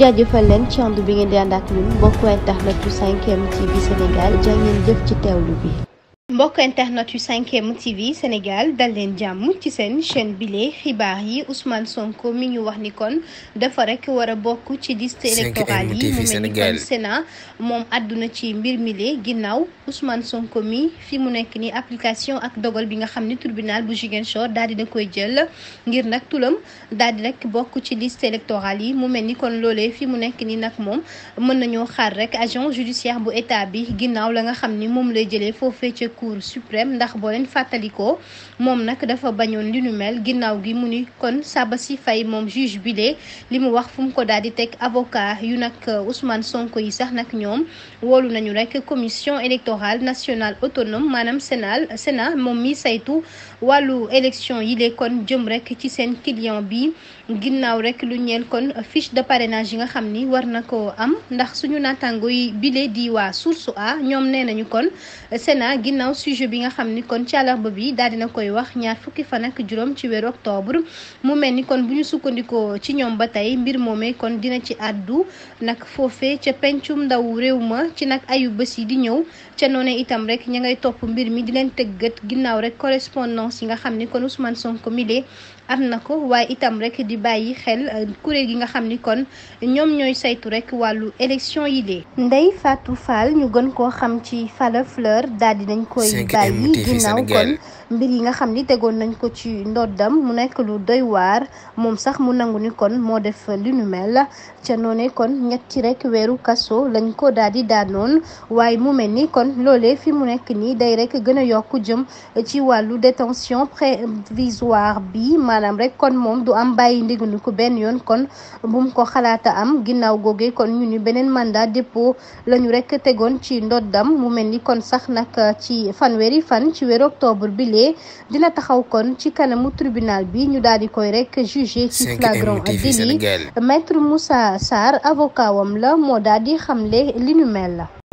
jaajëfal leen ci ànd bi ngeen di ànd bokk ñun mbokk internet bu ci m TV Sénégal jaa ngeen jëf ci teewlu bi. mbokk internet yu 5M TV Sénégal dal leen jàmm ci seen chaîne bile xibaar yi Ousmane Sonko mi ñu wax ni kon dafa rek war a bokk ci liste électorale yi mu mel ni kon Sénat moom àdduna ci mbir mile ginnaaw Ousmane Sonko mi fi mu nekk ni application ak dogal bi nga xam ni tribunal bu Ziguinchor daal dina koy jël ngir nag tulam dal di rek bokk ci liste électorale yi mu mel ni kon loolee fi mu nekk ni nag moom mën nañoo xaar rek agent judiciaire bu état bi ginnaaw la nga xam ni moom cour suprême ndax boo leen fàttalikoo moom nag dafa bañoon lu nu mel ginnaaw gi mu ni kon si fay moom juge bile li mu wax fu mu ko daal di teg avocat yu nag Ousmane Sonko yi sax nag ñoom woolu nañu rek commission électorale nationale autonome maanaam Sénat Sénat moom mi saytu wàllu élection yi lee kon jëm rek ci seen client bi ginnaaw rek lu ñeel kon fiche de parrainage yi nga xam ni war na ko am ndax suñu naataango yi bile di waa source a ñoom nee nañu ginnaaw sujet bi nga xam ni kon ci àllarba bi daal dina koy wax ñaar fukki fan ak juróom ci weeru octobre mu mel ni kon bu ñu sukkandikoo ci ñoom ba tey mbir moomee kon dina ci àddu nag foofe ca pencum ndaw réew ma ci nag ayu bés yi di ñëw ca noonee itam rek ña ngay topp mbir mi di leen tëggat ginnaaw rek correspondance yi nga xam ni kon Ousmane Sonko milee am na ko waaye itam rek di bàyyi xel euh, kuréel gi nga xam ni kon ñoom ñooy saytu rek wàllu élection yi de. ndey Fatou Fall ñu gën koo xam ci Falla Fleur daal di nañ koy bàyyi ginnaaw kon. mbir yi nga xam ni tegoon nañ ko ci ndoddam mu nekk lu doy waar moom sax mu nangu ni kon moo def lu nu mel ca noone kon ñetti rekk weeru kaso lañ ko daal di daanoon waaye mu mel ni kon loolee fi mu nekk nii day rek gën a yokk jëm ci wàllu détention provisoire bi maanaam rek kon moom du am bàyyi ndigunu ko benn yoon kon bu mu ko xalaata am ginnaaw googee kon ñu ni beneen mandat dépôt lañu rek tegoon ci ndoddam mu mel ni kon sax nag ci fanweeri fan ci weeru octobre bi lee dina taxaw kon ci kanamu tribunal bi ñu daal di koy rek jugé ci flagrant délit maître Moussa Sarr avocat la moo daal di xamle li ñu mel la